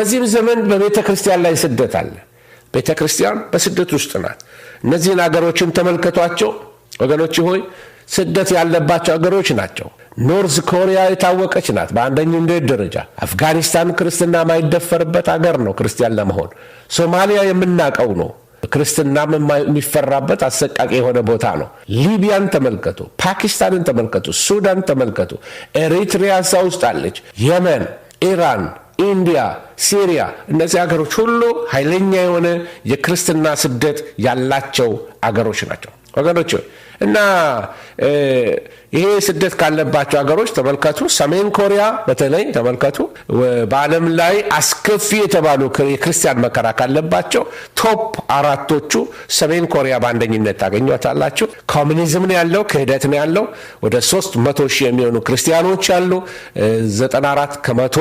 በዚህም ዘመን በቤተ ክርስቲያን ላይ ስደት አለ። ቤተ ክርስቲያን በስደት ውስጥ ናት። እነዚህን አገሮችን ተመልከቷቸው ወገኖች ሆይ ስደት ያለባቸው አገሮች ናቸው። ኖርዝ ኮሪያ የታወቀች ናት በአንደኝነት ደረጃ። አፍጋኒስታን ክርስትና የማይደፈርበት አገር ነው ክርስቲያን ለመሆን። ሶማሊያ የምናቀው ነው ክርስትና የሚፈራበት አሰቃቂ የሆነ ቦታ ነው። ሊቢያን ተመልከቱ፣ ፓኪስታንን ተመልከቱ፣ ሱዳን ተመልከቱ፣ ኤሪትሪያ እዛ ውስጥ አለች፣ የመን፣ ኢራን ኢንዲያ፣ ሲሪያ እነዚህ ሀገሮች ሁሉ ኃይለኛ የሆነ የክርስትና ስደት ያላቸው አገሮች ናቸው ወገኖች። እና ይሄ ስደት ካለባቸው ሀገሮች ተመልከቱ፣ ሰሜን ኮሪያ በተለይ ተመልከቱ። በዓለም ላይ አስከፊ የተባሉ የክርስቲያን መከራ ካለባቸው ቶፕ አራቶቹ ሰሜን ኮሪያ በአንደኝነት ታገኟታላችሁ። ኮሚኒዝም ነው ያለው፣ ክህደት ነው ያለው። ወደ ሶስት መቶ ሺህ የሚሆኑ ክርስቲያኖች ያሉ፣ 94 ከመቶ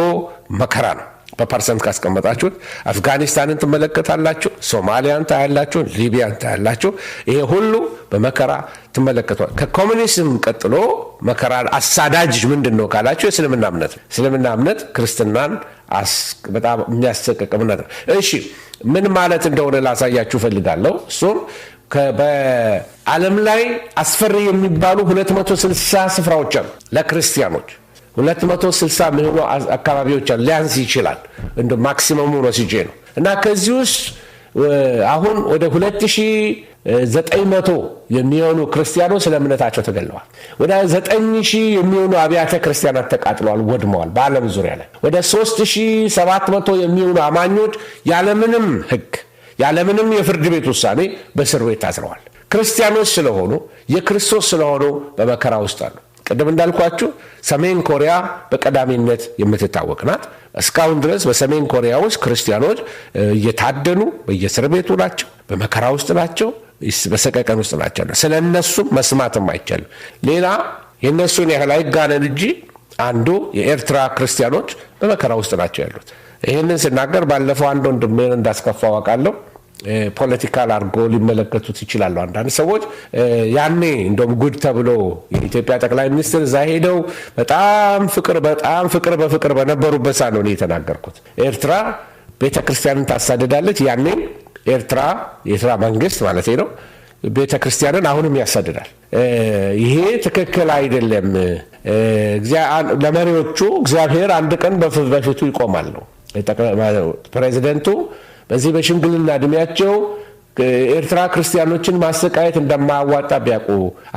መከራ ነው። በፐርሰንት ካስቀመጣችሁት አፍጋኒስታንን ትመለከታላችሁ፣ ሶማሊያን ታያላችሁ፣ ሊቢያን ታያላችሁ። ይሄ ሁሉ በመከራ ትመለከቷል። ከኮሚኒዝም ቀጥሎ መከራ አሳዳጅ ምንድን ነው ካላችሁ የእስልምና እምነት ነው። እስልምና እምነት ክርስትናን በጣም የሚያሰቅቅ እምነት ነው። እሺ ምን ማለት እንደሆነ ላሳያችሁ እፈልጋለሁ። እሱም በዓለም ላይ አስፈሪ የሚባሉ 260 ስፍራዎች አሉ ለክርስቲያኖች 260 የሚሆኑ አካባቢዎች ሊያንስ ይችላል። እንደ ማክሲመሙ ወስጄ ነው እና ከዚህ ውስጥ አሁን ወደ 2900 የሚሆኑ ክርስቲያኖች ስለ እምነታቸው ተገለዋል። ወደ 9000 የሚሆኑ አብያተ ክርስቲያናት ተቃጥለዋል፣ ወድመዋል። በዓለም ዙሪያ ላይ ወደ 3700 የሚሆኑ አማኞች ያለምንም ሕግ ያለምንም የፍርድ ቤት ውሳኔ በእስር ቤት ታስረዋል። ክርስቲያኖች ስለሆኑ የክርስቶስ ስለሆኑ በመከራ ውስጥ አሉ። ቅድም እንዳልኳችሁ ሰሜን ኮሪያ በቀዳሚነት የምትታወቅ ናት። እስካሁን ድረስ በሰሜን ኮሪያ ውስጥ ክርስቲያኖች እየታደኑ በየእስር ቤቱ ናቸው፣ በመከራ ውስጥ ናቸው፣ በሰቀቀን ውስጥ ናቸው። ስለ እነሱም መስማትም አይቻልም። ሌላ የእነሱን ያህል አይጋነን እንጂ አንዱ የኤርትራ ክርስቲያኖች በመከራ ውስጥ ናቸው ያሉት። ይህንን ስናገር ባለፈው አንድ ወንድሜን እንዳስከፋ አውቃለሁ። ፖለቲካል አድርጎ ሊመለከቱት ይችላሉ አንዳንድ ሰዎች። ያኔ እንደውም ጉድ ተብሎ የኢትዮጵያ ጠቅላይ ሚኒስትር እዛ ሄደው በጣም ፍቅር በጣም ፍቅር በፍቅር በነበሩበት ሳለ ነው የተናገርኩት። ኤርትራ ቤተክርስቲያንን ታሳድዳለች። ያኔ ኤርትራ የኤርትራ መንግስት ማለት ነው ቤተ ክርስቲያንን አሁንም ያሳድዳል። ይሄ ትክክል አይደለም። ለመሪዎቹ እግዚአብሔር አንድ ቀን በፊቱ ይቆማል ነው ፕሬዚደንቱ በዚህ በሽምግልና እድሜያቸው ኤርትራ ክርስቲያኖችን ማሰቃየት እንደማያዋጣ ቢያውቁ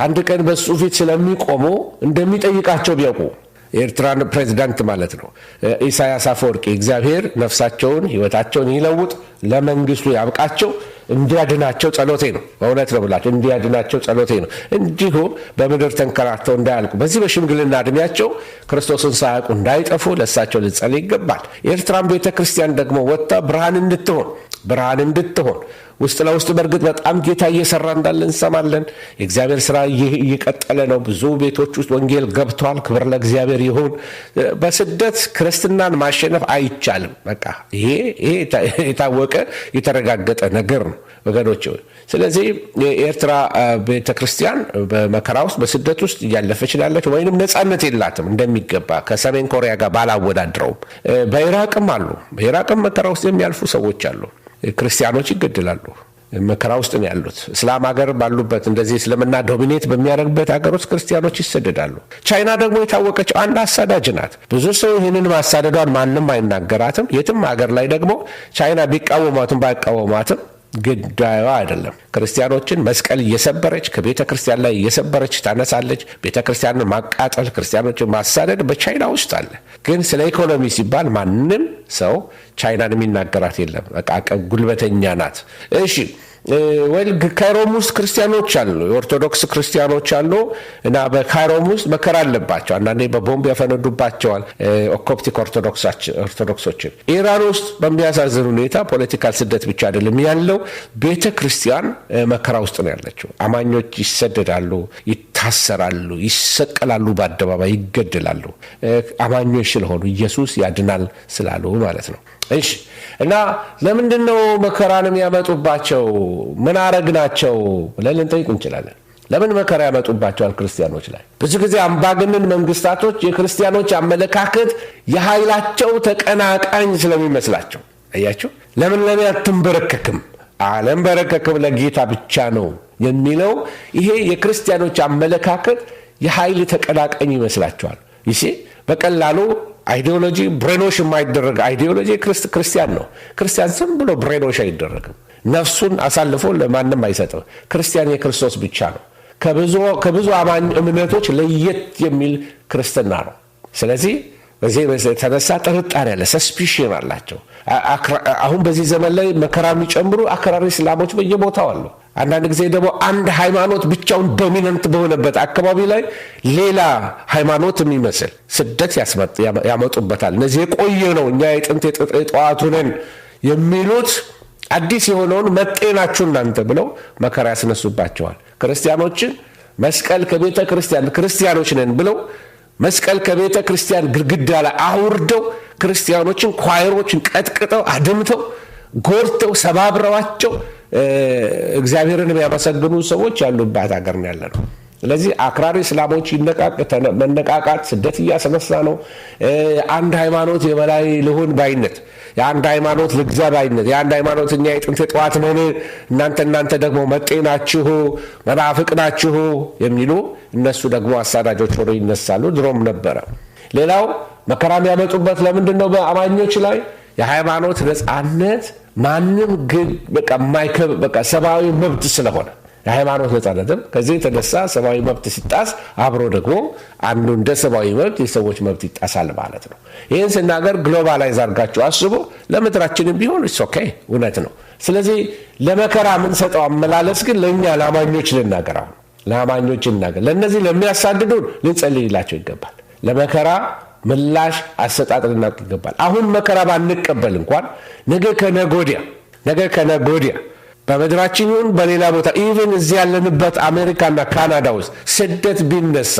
አንድ ቀን በሱ ፊት ስለሚቆሙ እንደሚጠይቃቸው ቢያውቁ የኤርትራን ፕሬዚዳንት ማለት ነው ኢሳያስ አፈወርቂ እግዚአብሔር ነፍሳቸውን ህይወታቸውን ይለውጥ፣ ለመንግስቱ ያብቃቸው። እንዲያድናቸው ጸሎቴ ነው። እውነት ነው ብላቸው እንዲያድናቸው ጸሎቴ ነው። እንዲሁ በምድር ተንከራተው እንዳያልቁ በዚህ በሽምግልና እድሜያቸው ክርስቶስን ሳያውቁ እንዳይጠፉ ለእሳቸው ልጸል ይገባል። የኤርትራን ቤተ ክርስቲያን ደግሞ ወጥታ ብርሃን እንድትሆን ብርሃን እንድትሆን ውስጥ ለውስጥ በእርግጥ በጣም ጌታ እየሰራ እንዳለ እንሰማለን። የእግዚአብሔር ስራ እየቀጠለ ነው። ብዙ ቤቶች ውስጥ ወንጌል ገብቷል። ክብር ለእግዚአብሔር ይሁን። በስደት ክርስትናን ማሸነፍ አይቻልም። በቃ ይሄ የታወቀ የተረጋገጠ ነገር ነው ወገኖች። ስለዚህ የኤርትራ ቤተክርስቲያን በመከራ ውስጥ በስደት ውስጥ እያለፈች ላለች ወይንም ነፃነት የላትም እንደሚገባ ከሰሜን ኮሪያ ጋር ባላወዳድረውም፣ በኢራቅም አሉ። በኢራቅም መከራ ውስጥ የሚያልፉ ሰዎች አሉ። ክርስቲያኖች ይገደላሉ። መከራ ውስጥ ነው ያሉት። እስላም ሀገር ባሉበት እንደዚህ እስልምና ዶሚኔት በሚያደርግበት ሀገር ውስጥ ክርስቲያኖች ይሰደዳሉ። ቻይና ደግሞ የታወቀችው አንድ አሳዳጅ ናት። ብዙ ሰው ይህንን ማሳደዷን ማንም አይናገራትም። የትም ሀገር ላይ ደግሞ ቻይና ቢቃወሟትም ባይቃወሟትም ግዳዩ አይደለም። ክርስቲያኖችን መስቀል እየሰበረች ከቤተ ክርስቲያን ላይ እየሰበረች ታነሳለች። ቤተ ክርስቲያንን ማቃጠል፣ ክርስቲያኖችን ማሳደድ በቻይና ውስጥ አለ። ግን ስለ ኢኮኖሚ ሲባል ማንም ሰው ቻይናን የሚናገራት የለም። በቃ ጉልበተኛ ናት። እሺ ወይ ካይሮም ውስጥ ክርስቲያኖች አሉ፣ የኦርቶዶክስ ክርስቲያኖች አሉ እና በካይሮም ውስጥ መከራ አለባቸው። አንዳንዴ በቦምብ ያፈነዱባቸዋል ኮፕቲክ ኦርቶዶክሶችን። ኢራን ውስጥ በሚያሳዝን ሁኔታ ፖለቲካል ስደት ብቻ አይደለም ያለው፣ ቤተ ክርስቲያን መከራ ውስጥ ነው ያለችው። አማኞች ይሰደዳሉ፣ ይታሰራሉ፣ ይሰቀላሉ፣ በአደባባይ ይገደላሉ። አማኞች ስለሆኑ ኢየሱስ ያድናል ስላሉ ማለት ነው። እሺ እና ለምንድን ነው መከራን የሚያመጡባቸው? ምን አረግናቸው ብለን ልንጠይቅ እንችላለን። ለምን መከራ ያመጡባቸዋል ክርስቲያኖች ላይ? ብዙ ጊዜ አምባገነን መንግስታቶች የክርስቲያኖች አመለካከት የኃይላቸው ተቀናቃኝ ስለሚመስላቸው፣ አያችሁ፣ ለምን ለምን አትንበረከክም? በረከክም ለጌታ ብቻ ነው የሚለው ይሄ የክርስቲያኖች አመለካከት የኃይል ተቀናቃኝ ይመስላቸዋል። ይሴ በቀላሉ አይዲዮሎጂ ብሬኖሽ የማይደረግ አይዲዮሎጂ ክርስቲያን ነው። ክርስቲያን ዝም ብሎ ብሬኖሽ አይደረግም። ነፍሱን አሳልፎ ለማንም አይሰጥም። ክርስቲያን የክርስቶስ ብቻ ነው። ከብዙ አማኝ እምነቶች ለየት የሚል ክርስትና ነው። ስለዚህ በዚህ የተነሳ ጥርጣሬ አለ፣ ሰስፒሽን አላቸው። አሁን በዚህ ዘመን ላይ መከራ የሚጨምሩ አክራሪ እስላሞች በየቦታው አሉ። አንዳንድ ጊዜ ደግሞ አንድ ሃይማኖት ብቻውን ዶሚናንት በሆነበት አካባቢ ላይ ሌላ ሃይማኖት የሚመስል ስደት ያመጡበታል። እነዚህ የቆየ ነው፣ እኛ የጥንት የጠዋቱ ነን የሚሉት አዲስ የሆነውን መጤናችሁ እናንተ ብለው መከራ ያስነሱባቸዋል። ክርስቲያኖችን መስቀል ከቤተ ክርስቲያን ክርስቲያኖች ነን ብለው መስቀል ከቤተ ክርስቲያን ግድግዳ ላይ አውርደው ክርስቲያኖችን ኳይሮችን ቀጥቅጠው አድምተው ጎድተው ሰባብረዋቸው እግዚአብሔርን የሚያመሰግኑ ሰዎች ያሉባት ሀገር ነው ያለ ነው። ስለዚህ አክራሪ እስላሞች መነቃቃት፣ ስደት እያስነሳ ነው። አንድ ሃይማኖት የበላይ ልሆን ባይነት፣ የአንድ ሃይማኖት ልግዛ ባይነት፣ የአንድ ሃይማኖት እኛ የጥንት ጠዋት ነን፣ እናንተ እናንተ ደግሞ መጤ ናችሁ፣ መናፍቅ ናችሁ የሚሉ እነሱ ደግሞ አሳዳጆች ሆነው ይነሳሉ። ድሮም ነበረ። ሌላው መከራ የሚያመጡበት ለምንድን ነው? በአማኞች ላይ የሃይማኖት ነፃነት ማንም ግን በቃ የማይከብ በቃ ሰብአዊ መብት ስለሆነ የሃይማኖት ነፃነትም ከዚህ የተነሳ ሰብአዊ መብት ሲጣስ አብሮ ደግሞ አንዱ እንደ ሰብአዊ መብት የሰዎች መብት ይጣሳል ማለት ነው። ይህን ስናገር ግሎባላይዝ አድርጋችሁ አስቡ። ለምድራችንም ቢሆን ኦኬ እውነት ነው። ስለዚህ ለመከራ የምንሰጠው አመላለስ ግን ለእኛ ለአማኞች ልናገር አሁን ለአማኞች ልናገር፣ ለእነዚህ ለሚያሳድዱን ልንጸልይላቸው ይገባል። ለመከራ ምላሽ አሰጣጥ ልናውቅ ይገባል። አሁን መከራ ባንቀበል እንኳን ነገ ከነጎዲያ ነገ ከነጎዲያ በምድራችን ይሁን በሌላ ቦታ ኢቨን እዚህ ያለንበት አሜሪካና ካናዳ ውስጥ ስደት ቢነሳ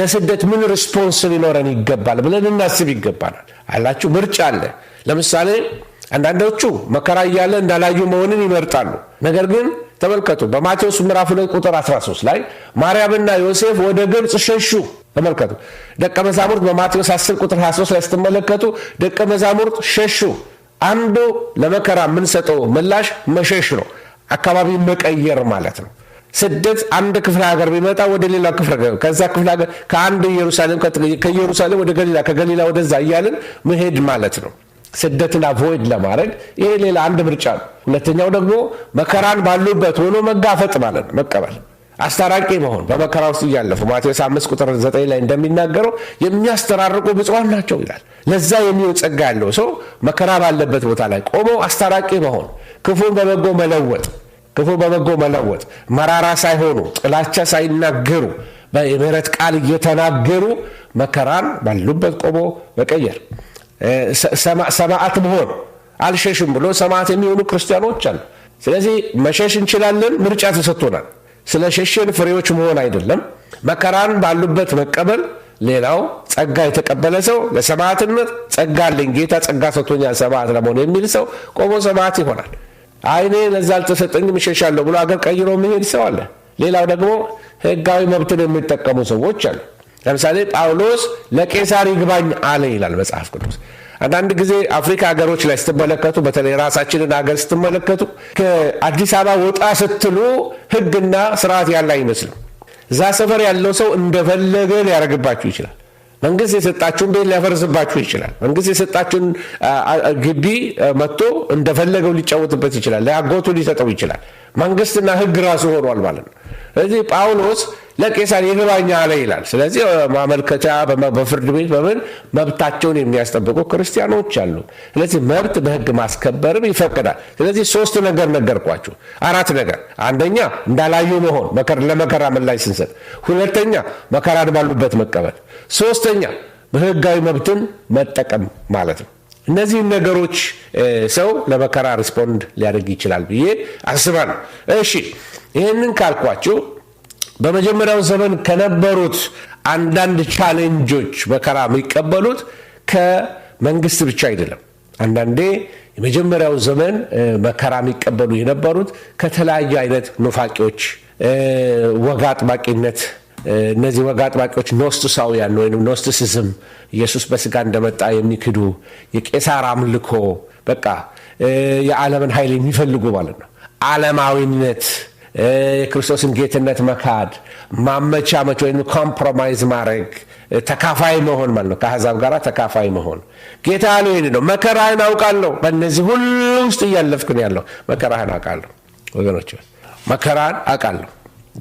ለስደት ምን ሪስፖንስ ሊኖረን ይገባል ብለን እናስብ ይገባናል። አላችሁ ምርጫ አለ። ለምሳሌ አንዳንዶቹ መከራ እያለ እንዳላዩ መሆንን ይመርጣሉ። ነገር ግን ተመልከቱ፣ በማቴዎስ ምዕራፍ 2 ቁጥር 13 ላይ ማርያምና ዮሴፍ ወደ ግብፅ ሸሹ። ተመልከቱ፣ ደቀ መዛሙርት በማቴዎስ 10 ቁጥር 23 ላይ ስትመለከቱ ደቀ መዛሙርት ሸሹ አንዱ ለመከራ የምንሰጠው ምላሽ መሸሽ ነው። አካባቢ መቀየር ማለት ነው። ስደት አንድ ክፍለ ሀገር ቢመጣ ወደ ሌላ ክፍለ ከዛ ክፍለ ሀገር ከአንድ ኢየሩሳሌም ከኢየሩሳሌም ወደ ገሊላ ከገሊላ ወደዛ እያልን መሄድ ማለት ነው። ስደትን አቮይድ ለማድረግ ይሄ ሌላ አንድ ምርጫ ነው። ሁለተኛው ደግሞ መከራን ባሉበት ሆኖ መጋፈጥ ማለት ነው፣ መቀበል አስታራቂ መሆን በመከራ ውስጥ እያለፉ ማቴዎስ አምስት ቁጥር ዘጠኝ ላይ እንደሚናገረው የሚያስተራርቁ ብፁዓን ናቸው ይላል። ለዛ የሚሆን ጸጋ ያለው ሰው መከራ ባለበት ቦታ ላይ ቆሞ አስታራቂ መሆን፣ ክፉን በበጎ መለወጥ ክፉ በበጎ መለወጥ፣ መራራ ሳይሆኑ ጥላቻ ሳይናገሩ በምህረት ቃል እየተናገሩ መከራን ባሉበት ቆሞ መቀየር፣ ሰማዕት መሆን አልሸሽም ብሎ ሰማዕት የሚሆኑ ክርስቲያኖች አሉ። ስለዚህ መሸሽ እንችላለን፣ ምርጫ ተሰጥቶናል። ስለ ሸሸን ፍሬዎች መሆን አይደለም። መከራን ባሉበት መቀበል ሌላው ጸጋ የተቀበለ ሰው ለሰማዕትነት ጸጋ አለኝ ጌታ ጸጋ ሰጥቶኛል ሰማዕት ለመሆን የሚል ሰው ቆሞ ሰማዕት ይሆናል። አይኔ ለዛ አልተሰጠኝም እሸሻለሁ ብሎ አገር ቀይሮ መሄድ ሰው አለ። ሌላው ደግሞ ህጋዊ መብትን የሚጠቀሙ ሰዎች አሉ። ለምሳሌ ጳውሎስ ለቄሳር ይግባኝ አለ ይላል መጽሐፍ ቅዱስ። አንዳንድ ጊዜ አፍሪካ ሀገሮች ላይ ስትመለከቱ በተለይ ራሳችንን ሀገር ስትመለከቱ ከአዲስ አበባ ወጣ ስትሉ ህግና ስርዓት ያለ አይመስልም። እዛ ሰፈር ያለው ሰው እንደፈለገ ሊያደርግባችሁ ይችላል። መንግስት የሰጣችሁን ቤት ሊያፈርስባችሁ ይችላል። መንግስት የሰጣችሁን ግቢ መጥቶ እንደፈለገው ሊጫወትበት ይችላል። ለአጎቱ ሊሰጠው ይችላል። መንግስትና ህግ ራሱ ሆኗል ማለት ነው። ስለዚህ ጳውሎስ ለቄሳር ይግባኝ አለ ይላል። ስለዚህ ማመልከቻ በፍርድ ቤት በምን መብታቸውን የሚያስጠብቁ ክርስቲያኖች አሉ። ስለዚህ መብት በህግ ማስከበርም ይፈቅዳል። ስለዚህ ሶስት ነገር ነገርኳችሁ፣ አራት ነገር። አንደኛ እንዳላዩ መሆን ለመከራ ምላሽ ስንሰጥ፣ ሁለተኛ መከራን ባሉበት መቀበል ሶስተኛ በህጋዊ መብትን መጠቀም ማለት ነው። እነዚህን ነገሮች ሰው ለመከራ ሪስፖንድ ሊያደርግ ይችላል ብዬ አስባለሁ። እሺ ይህንን ካልኳችሁ በመጀመሪያው ዘመን ከነበሩት አንዳንድ ቻሌንጆች መከራ የሚቀበሉት ከመንግስት ብቻ አይደለም። አንዳንዴ የመጀመሪያው ዘመን መከራ የሚቀበሉ የነበሩት ከተለያዩ አይነት ኑፋቂዎች፣ ወግ አጥባቂነት እነዚህ ወግ አጥባቂዎች ኖስጥሳውያን ወይም ኖስጥሲዝም ኢየሱስ በስጋ እንደመጣ የሚክዱ የቄሳር አምልኮ በቃ የዓለምን ኃይል የሚፈልጉ ማለት ነው። ዓለማዊነት፣ የክርስቶስን ጌትነት መካድ፣ ማመቻመች ወይም ኮምፕሮማይዝ ማድረግ ተካፋይ መሆን ማለት ነው። ከአሕዛብ ጋር ተካፋይ መሆን ጌታ ያለው ይህን ነው። መከራህን አውቃለሁ። በእነዚህ ሁሉ ውስጥ እያለፍክን ያለው። መከራህን አውቃለሁ ወገኖች፣ መከራህን አውቃለሁ።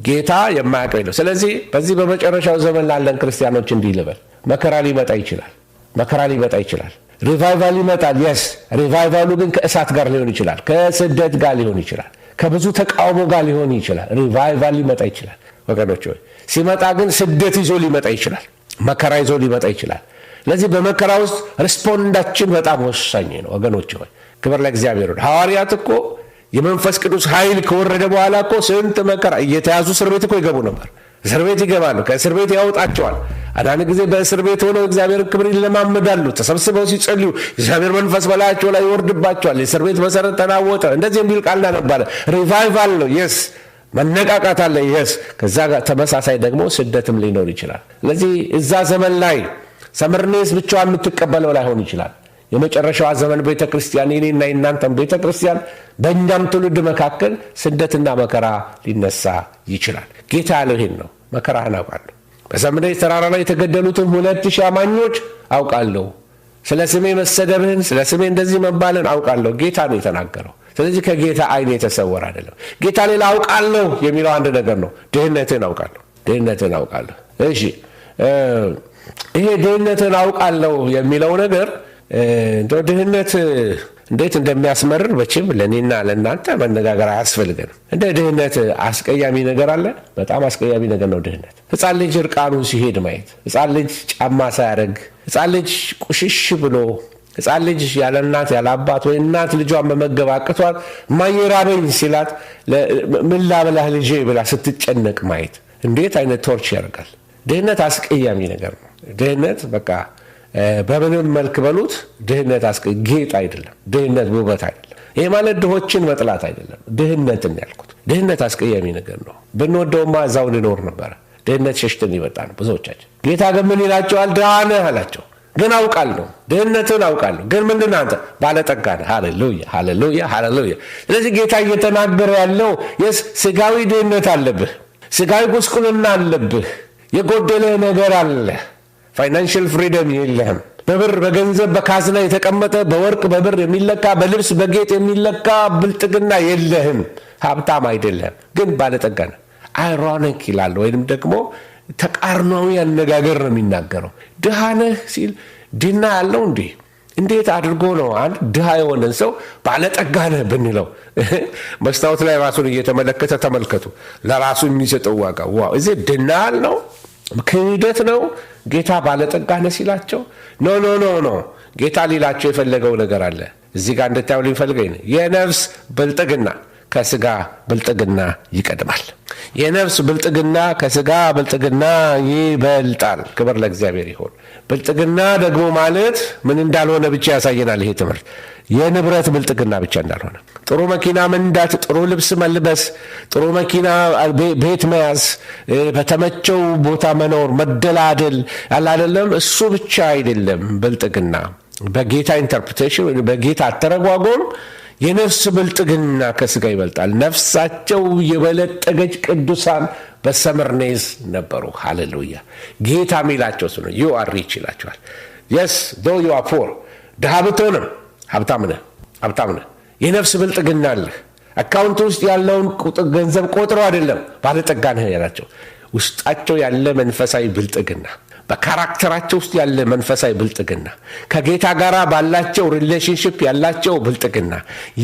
ጌታ የማያውቀው የለም። ስለዚህ በዚህ በመጨረሻው ዘመን ላለን ክርስቲያኖች እንዲህ ልበል፣ መከራ ሊመጣ ይችላል። መከራ ሊመጣ ይችላል። ሪቫይቫል ይመጣል። የስ ሪቫይቫሉ ግን ከእሳት ጋር ሊሆን ይችላል። ከስደት ጋር ሊሆን ይችላል። ከብዙ ተቃውሞ ጋር ሊሆን ይችላል። ሪቫይቫል ሊመጣ ይችላል ወገኖች። ሲመጣ ግን ስደት ይዞ ሊመጣ ይችላል። መከራ ይዞ ሊመጣ ይችላል። ስለዚህ በመከራ ውስጥ ሪስፖንዳችን በጣም ወሳኝ ነው ወገኖች ሆይ፣ ክብር ለእግዚአብሔር። ሐዋርያት እኮ የመንፈስ ቅዱስ ኃይል ከወረደ በኋላ እኮ ስንት መከራ እየተያዙ እስር ቤት እኮ ይገቡ ነበር። እስር ቤት ይገባሉ፣ ከእስር ቤት ያወጣቸዋል። አንዳንድ ጊዜ በእስር ቤት ሆነው እግዚአብሔር ክብር ይለማመዳሉ። ተሰብስበው ሲጸልዩ እግዚአብሔር መንፈስ በላያቸው ላይ ይወርድባቸዋል። የእስር ቤት መሰረት ተናወጠ፣ እንደዚህ የሚል ቃል እናነባለ። ሪቫይቫል ነው የስ መነቃቃት አለ የስ ከዛ ጋር ተመሳሳይ ደግሞ ስደትም ሊኖር ይችላል። ስለዚህ እዛ ዘመን ላይ ሰምርኔስ ብቻዋ የምትቀበለው ላይሆን ይችላል። የመጨረሻዋ ዘመን ቤተ ክርስቲያን የኔና የናንተን ቤተ ክርስቲያን በእኛም ትውልድ መካከል ስደትና መከራ ሊነሳ ይችላል። ጌታ ያለው ነው። መከራህን አውቃለሁ። በሰምሬ ተራራ ላይ የተገደሉትን ሁለት ሺህ አማኞች አውቃለሁ። ስለ ስሜ መሰደብህን፣ ስለ ስሜ እንደዚህ መባልን አውቃለሁ። ጌታ ነው የተናገረው። ስለዚህ ከጌታ አይን የተሰወረ አይደለም። ጌታ ሌላ አውቃለሁ የሚለው አንድ ነገር ነው። ድህነትን አውቃለሁ፣ ድህነትን አውቃለሁ። እሺ ይሄ ድህነትን አውቃለሁ የሚለው ነገር እንደ ድህነት እንዴት እንደሚያስመርር በችም ለእኔና ለእናንተ መነጋገር አያስፈልገንም። እንደ ድህነት አስቀያሚ ነገር አለ? በጣም አስቀያሚ ነገር ነው ድህነት። ህፃን ልጅ እርቃኑን ሲሄድ ማየት፣ ህፃን ልጅ ጫማ ሳያደርግ፣ ህፃን ልጅ ቁሽሽ ብሎ፣ ህፃን ልጅ ያለ እናት ያለ አባት ወይ እናት ልጇን መመገብ አቅቷል ማየራበኝ ሲላት ምን ላበላህ ልጄ ብላ ስትጨነቅ ማየት እንዴት አይነት ቶርች ያደርጋል። ድህነት አስቀያሚ ነገር ነው። ድህነት በቃ በምንም መልክ በሉት ድህነት ጌጥ አይደለም። ድህነት ውበት አይደለም። ይህ ማለት ድሆችን መጥላት አይደለም። ድህነትን ያልኩት ድህነት አስቀያሚ ነገር ነው። ብንወደውማ እዛው እንኖር ነበረ። ድህነት ሸሽተን ይመጣ ነው ብዙዎቻችን። ጌታ ግን ምን ይላቸዋል? ድሃ ነህ አላቸው። ግን አውቃለሁ፣ ድህነትን አውቃለሁ። ግን ምንድን አንተ ባለጠጋ ነህ። ሃሌሉያ፣ ሃሌሉያ፣ ሃሌሉያ። ስለዚህ ጌታ እየተናገረ ያለው የስ ስጋዊ ድህነት አለብህ፣ ስጋዊ ጉስቁልና አለብህ፣ የጎደለህ ነገር አለህ ፋይናንሽል ፍሪደም የለህም። በብር በገንዘብ በካዝና የተቀመጠ በወርቅ በብር የሚለካ በልብስ በጌጥ የሚለካ ብልጥግና የለህም። ሀብታም አይደለም ግን ባለጠጋ ነው። አይሮኒክ ይላል ወይንም ደግሞ ተቃርኗዊ አነጋገር ነው የሚናገረው። ድሃ ነህ ሲል ድና ያለው እንዲህ እንዴት አድርጎ ነው አንድ ድሃ የሆነን ሰው ባለጠጋ ነህ ብንለው? መስታወት ላይ ራሱን እየተመለከተ ተመልከቱ፣ ለራሱ የሚሰጠው ዋጋ ዋው! እዚህ ድናል ነው ክህደት ነው ጌታ ባለጠጋ ነህ ሲላቸው ኖ ኖ ኖ ኖ ጌታ ሊላቸው የፈለገው ነገር አለ። እዚህ ጋር እንድታዩ ሊፈልገኝ የነፍስ ብልጥግና ከስጋ ብልጥግና ይቀድማል። የነፍስ ብልጥግና ከስጋ ብልጥግና ይበልጣል። ክብር ለእግዚአብሔር ይሆን። ብልጥግና ደግሞ ማለት ምን እንዳልሆነ ብቻ ያሳየናል ይሄ ትምህርት። የንብረት ብልጥግና ብቻ እንዳልሆነ፣ ጥሩ መኪና መንዳት፣ ጥሩ ልብስ መልበስ፣ ጥሩ መኪና ቤት መያዝ፣ በተመቸው ቦታ መኖር፣ መደላደል አላደለም። እሱ ብቻ አይደለም ብልጥግና በጌታ ኢንተርፕሬቴሽን በጌታ አተረጓጎም የነፍስ ብልጥግና ከስጋ ይበልጣል። ነፍሳቸው የበለጠገች ቅዱሳን በሰምርኔዝ ነበሩ። ሃሌሉያ ጌታ ሚላቸው ስ ዩ አር ሪች ይላቸዋል። የስ ዶ ዩ አር ፖር ድሃ ብትሆንም ሀብታም ነህ፣ ሀብታም ነህ። የነፍስ ብልጥግና አለህ። አካውንት ውስጥ ያለውን ገንዘብ ቆጥሮ አይደለም ባለጠጋ ነህ ያላቸው ውስጣቸው ያለ መንፈሳዊ ብልጥግና በካራክተራቸው ውስጥ ያለ መንፈሳዊ ብልጥግና ከጌታ ጋር ባላቸው ሪሌሽንሽፕ ያላቸው ብልጥግና፣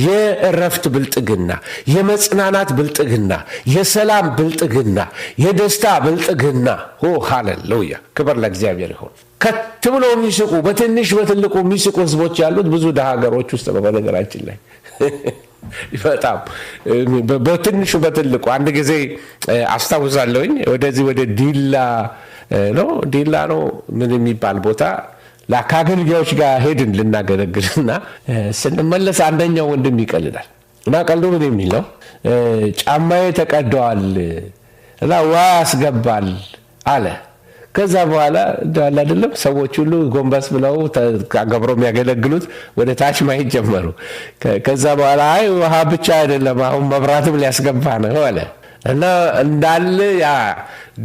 የእረፍት ብልጥግና፣ የመጽናናት ብልጥግና፣ የሰላም ብልጥግና፣ የደስታ ብልጥግና። ሆ ሃሌሉያ! ክብር ለእግዚአብሔር ይሆን። ከት ብሎ የሚስቁ በትንሽ በትልቁ የሚስቁ ህዝቦች ያሉት ብዙ ሀገሮች ውስጥ ነው። በነገራችን ላይ በጣም በትንሹ በትልቁ አንድ ጊዜ አስታውሳለሁኝ ወደዚህ ወደ ዲላ ነው። ዲላ ነው ምን የሚባል ቦታ ከአገልጋዮች ጋር ሄድን ልናገለግልና ስንመለስ አንደኛው ወንድም ይቀልዳል እና ቀልዶ ምን የሚለው ጫማዬ ተቀደዋል እና ውሃ ያስገባል አለ። ከዛ በኋላ እንዳለ አይደለም ሰዎች ሁሉ ጎንበስ ብለው ገብረው የሚያገለግሉት ወደ ታች ማየት ጀመሩ። ከዛ በኋላ አይ ውሃ ብቻ አይደለም አሁን መብራትም ሊያስገባ ነው አለ። እና እንዳለ ያ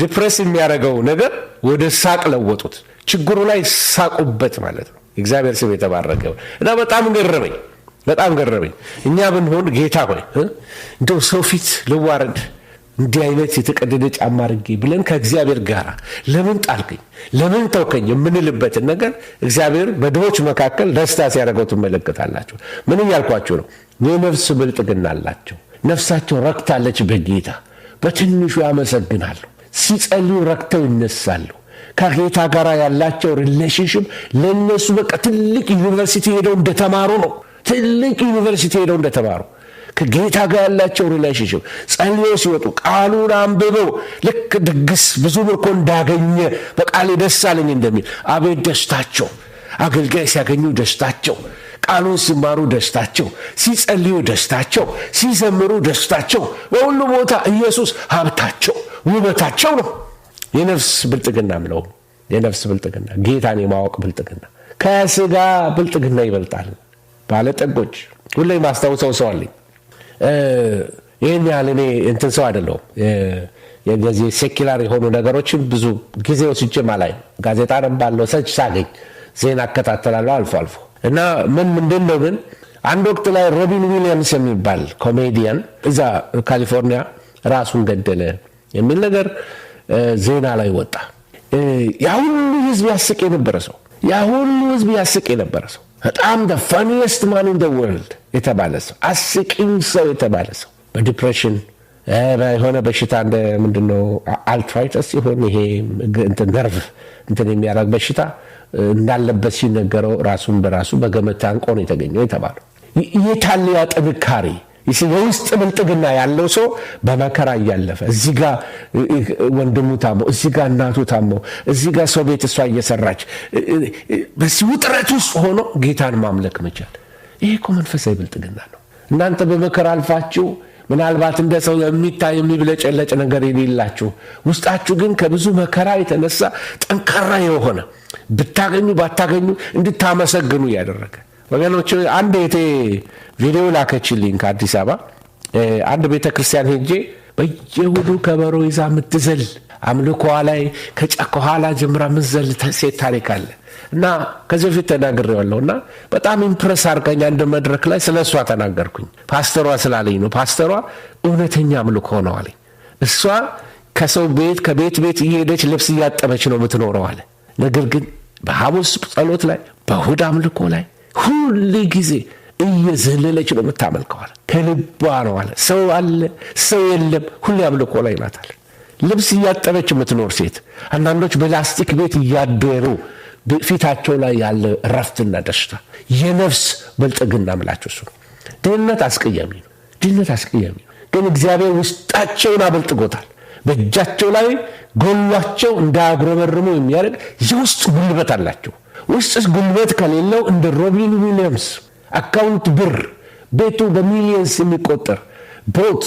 ዲፕረስ የሚያደርገው ነገር ወደ ሳቅ ለወጡት። ችግሩ ላይ ሳቁበት ማለት ነው። እግዚአብሔር ስም የተባረከ እና በጣም ገረመኝ፣ በጣም ገረመኝ። እኛ ብንሆን ጌታ ሆይ እንደው ሰው ፊት ልዋረድ እንዲህ አይነት የተቀደደ ጫማ አድርጌ ብለን ከእግዚአብሔር ጋር ለምን ጣልከኝ፣ ለምን ተውከኝ የምንልበትን ነገር እግዚአብሔር በድሆች መካከል ደስታ ሲያደርገው ትመለከታላችሁ። ምን እያልኳችሁ ነው? የነፍስ ብልጥግና አላቸው። ነፍሳቸው ረክታለች በጌታ በትንሹ ያመሰግናሉ። ሲጸልዩ ረክተው ይነሳሉ። ከጌታ ጋር ያላቸው ሪሌሽንሽፕ ለእነሱ በቃ ትልቅ ዩኒቨርሲቲ ሄደው እንደተማሩ ነው። ትልቅ ዩኒቨርሲቲ ሄደው እንደተማሩ ከጌታ ጋር ያላቸው ሪሌሽንሽፕ ጸልዮ ሲወጡ ቃሉን አንብበው ልክ ድግስ ብዙ ምርኮ እንዳገኘ በቃሌ ደስ አለኝ እንደሚል አቤት ደስታቸው አገልጋይ ሲያገኙ ደስታቸው ቃሉን ሲማሩ ደስታቸው፣ ሲጸልዩ ደስታቸው፣ ሲዘምሩ ደስታቸው፣ በሁሉ ቦታ ኢየሱስ ሀብታቸው፣ ውበታቸው ነው። የነፍስ ብልጥግና ምለው የነፍስ ብልጥግና ጌታን የማወቅ ብልጥግና ከስጋ ብልጥግና ይበልጣል። ባለጠጎች ሁሌ ማስታውሰው ሰው አለኝ። ይህን ያህል እኔ እንትን ሰው አይደለሁም። የዚህ ሴኪላር የሆኑ ነገሮችን ብዙ ጊዜ ወስጄ ማላይ ጋዜጣ ባለው ሰች ሳገኝ ዜና እከታተላለሁ አልፎ አልፎ እና ምን ምንድን ነው ግን አንድ ወቅት ላይ ሮቢን ዊሊያምስ የሚባል ኮሜዲያን እዛ ካሊፎርኒያ ራሱን ገደለ የሚል ነገር ዜና ላይ ወጣ። ያ ሁሉ ህዝብ ያስቅ የነበረ ሰው ያ ሁሉ ህዝብ ያስቅ የነበረ ሰው በጣም ደ ፋኒየስት ማን ኢን ደ ወርልድ የተባለ ሰው አስቂኝ ሰው የተባለ ሰው በዲፕሬሽን የሆነ በሽታ እንደ ምንድን ነው አልትራይተስ ሲሆን ይሄ ነርቭ እንትን የሚያደርግ በሽታ እንዳለበት ሲነገረው ራሱን በራሱ በገመድ ታንቆ ነው የተገኘው የተባለው። የታለ ያ ጥንካሬ? የውስጥ ብልጥግና ያለው ሰው በመከራ እያለፈ እዚህ ጋ ወንድሙ ታሞ፣ እዚህ ጋ እናቱ ታሞ፣ እዚህ ጋ ሰው ቤት እሷ እየሰራች በዚህ ውጥረት ውስጥ ሆኖ ጌታን ማምለክ መቻል፣ ይሄ እኮ መንፈሳዊ ብልጥግና ነው። እናንተ በመከራ አልፋችሁ ምናልባት እንደ ሰው የሚታይ የሚብለጨለጭ ነገር የሌላችሁ ውስጣችሁ ግን ከብዙ መከራ የተነሳ ጠንካራ የሆነ ብታገኙ ባታገኙ እንድታመሰግኑ ያደረገ ወገኖች አንድ የቴ ቪዲዮ ላከችልኝ ከአዲስ አበባ አንድ ቤተ ክርስቲያን ሄጄ በየሁዱ ከበሮ ይዛ የምትዘል አምልኮዋ ላይ ከጫካኋላ ጀምራ ምትዘል ሴት ታሪክ አለ እና ከዚህ በፊት ተናግሬዋለሁ እና በጣም ኢምፕረስ አድርጋኝ አንድ መድረክ ላይ ስለ እሷ ተናገርኩኝ። ፓስተሯ ስላለኝ ነው። ፓስተሯ እውነተኛ አምልኮ ነው አለኝ። እሷ ከሰው ቤት ከቤት ቤት እየሄደች ልብስ እያጠበች ነው የምትኖረው አለ። ነገር ግን በሐሙስ ጸሎት ላይ በእሁድ አምልኮ ላይ ሁል ጊዜ እየዘለለች ነው የምታመልከዋል። ከልቧ ነው አለ። ሰው አለ ሰው የለም ሁሌ አምልኮ ላይ ናታል። ልብስ እያጠበች የምትኖር ሴት አንዳንዶች በላስቲክ ቤት እያደሩ ፊታቸው ላይ ያለ እረፍትና ደስታ የነፍስ ብልጥግና ምላቸው እሱ ድህነት አስቀያሚ ነው። ድህነት አስቀያሚ ነው፣ ግን እግዚአብሔር ውስጣቸውን አበልጥጎታል። በእጃቸው ላይ ጎሏቸው እንዳያጉረመርሙ የሚያደርግ የውስጥ ጉልበት አላቸው። ውስጥ ጉልበት ከሌለው እንደ ሮቢን ዊሊያምስ አካውንት ብር ቤቱ በሚሊየንስ የሚቆጠር ቦት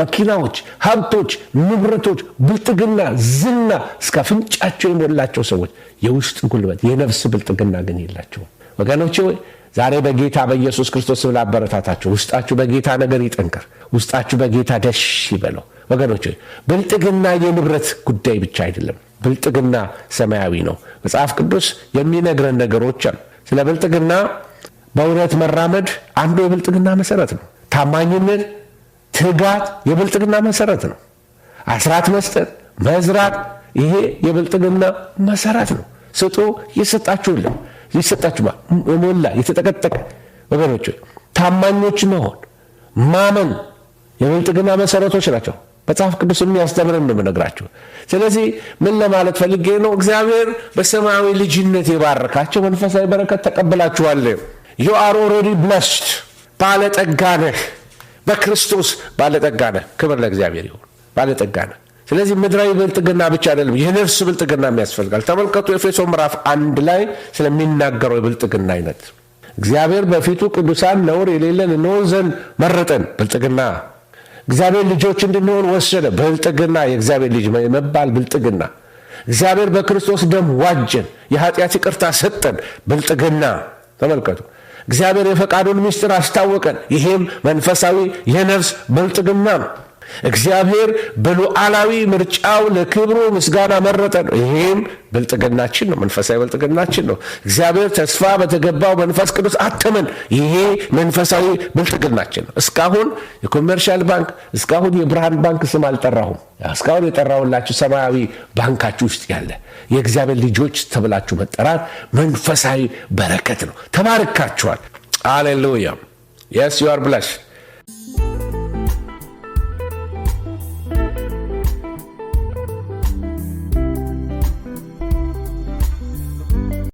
መኪናዎች፣ ሀብቶች፣ ንብረቶች፣ ብልጥግና፣ ዝና እስከ አፍንጫቸው የሞላቸው ሰዎች የውስጥ ጉልበት፣ የነፍስ ብልጥግና ግን የላቸውም። ወገኖች ወይ ዛሬ በጌታ በኢየሱስ ክርስቶስ ስብላ አበረታታቸው ውስጣችሁ በጌታ ነገር ይጠንከር። ውስጣችሁ በጌታ ደሽ ይበለው። ወገኖች ብልጥግና የንብረት ጉዳይ ብቻ አይደለም። ብልጥግና ሰማያዊ ነው። መጽሐፍ ቅዱስ የሚነግረን ነገሮች አሉ። ስለ ብልጥግና በእውነት መራመድ አንዱ የብልጥግና መሰረት ነው። ታማኝነት ትጋት የብልጥግና መሰረት ነው። አስራት መስጠት፣ መዝራት ይሄ የብልጥግና መሰረት ነው። ስጡ ይሰጣችሁልም ይሰጣችሁ የሞላ የተጠቀጠቀ ወገኖች ታማኞች መሆን ማመን የብልጥግና መሰረቶች ናቸው። መጽሐፍ ቅዱስ ነው እንደምነግራችሁ። ስለዚህ ምን ለማለት ፈልጌ ነው? እግዚአብሔር በሰማያዊ ልጅነት የባረካቸው መንፈሳዊ በረከት ተቀብላችኋል። ዩ አር ኦልሬዲ ብለስድ ባለጠጋ ነህ። በክርስቶስ ባለጠጋ ነህ። ክብር ለእግዚአብሔር ይሁን። ባለጠጋ ነህ። ስለዚህ ምድራዊ ብልጥግና ብቻ አይደለም፣ የነፍስ ብልጥግና ያስፈልጋል። ተመልከቱ ኤፌሶ ምዕራፍ አንድ ላይ ስለሚናገረው የብልጥግና አይነት እግዚአብሔር በፊቱ ቅዱሳን ነውር የሌለን እንሆን ዘንድ መረጠን። ብልጥግና እግዚአብሔር ልጆች እንድንሆን ወሰደ። ብልጥግና የእግዚአብሔር ልጅ መባል ብልጥግና እግዚአብሔር በክርስቶስ ደም ዋጀን፣ የኃጢአት ይቅርታ ሰጠን። ብልጥግና ተመልከቱ። እግዚአብሔር የፈቃዱን ምስጢር አስታወቀን። ይሄም መንፈሳዊ የነፍስ ብልጥግና ነው። እግዚአብሔር በሉዓላዊ ምርጫው ለክብሩ ምስጋና መረጠን። ይሄም ብልጥግናችን ነው፣ መንፈሳዊ ብልጥግናችን ነው። እግዚአብሔር ተስፋ በተገባው መንፈስ ቅዱስ አተመን። ይሄ መንፈሳዊ ብልጥግናችን ነው። እስካሁን የኮመርሻል ባንክ እስካሁን የብርሃን ባንክ ስም አልጠራሁም። እስካሁን የጠራሁላችሁ ሰማያዊ ባንካችሁ ውስጥ ያለ የእግዚአብሔር ልጆች ተብላችሁ መጠራት መንፈሳዊ በረከት ነው። ተባርካችኋል። አሌሉያ የስ ዩ አር ብላሽ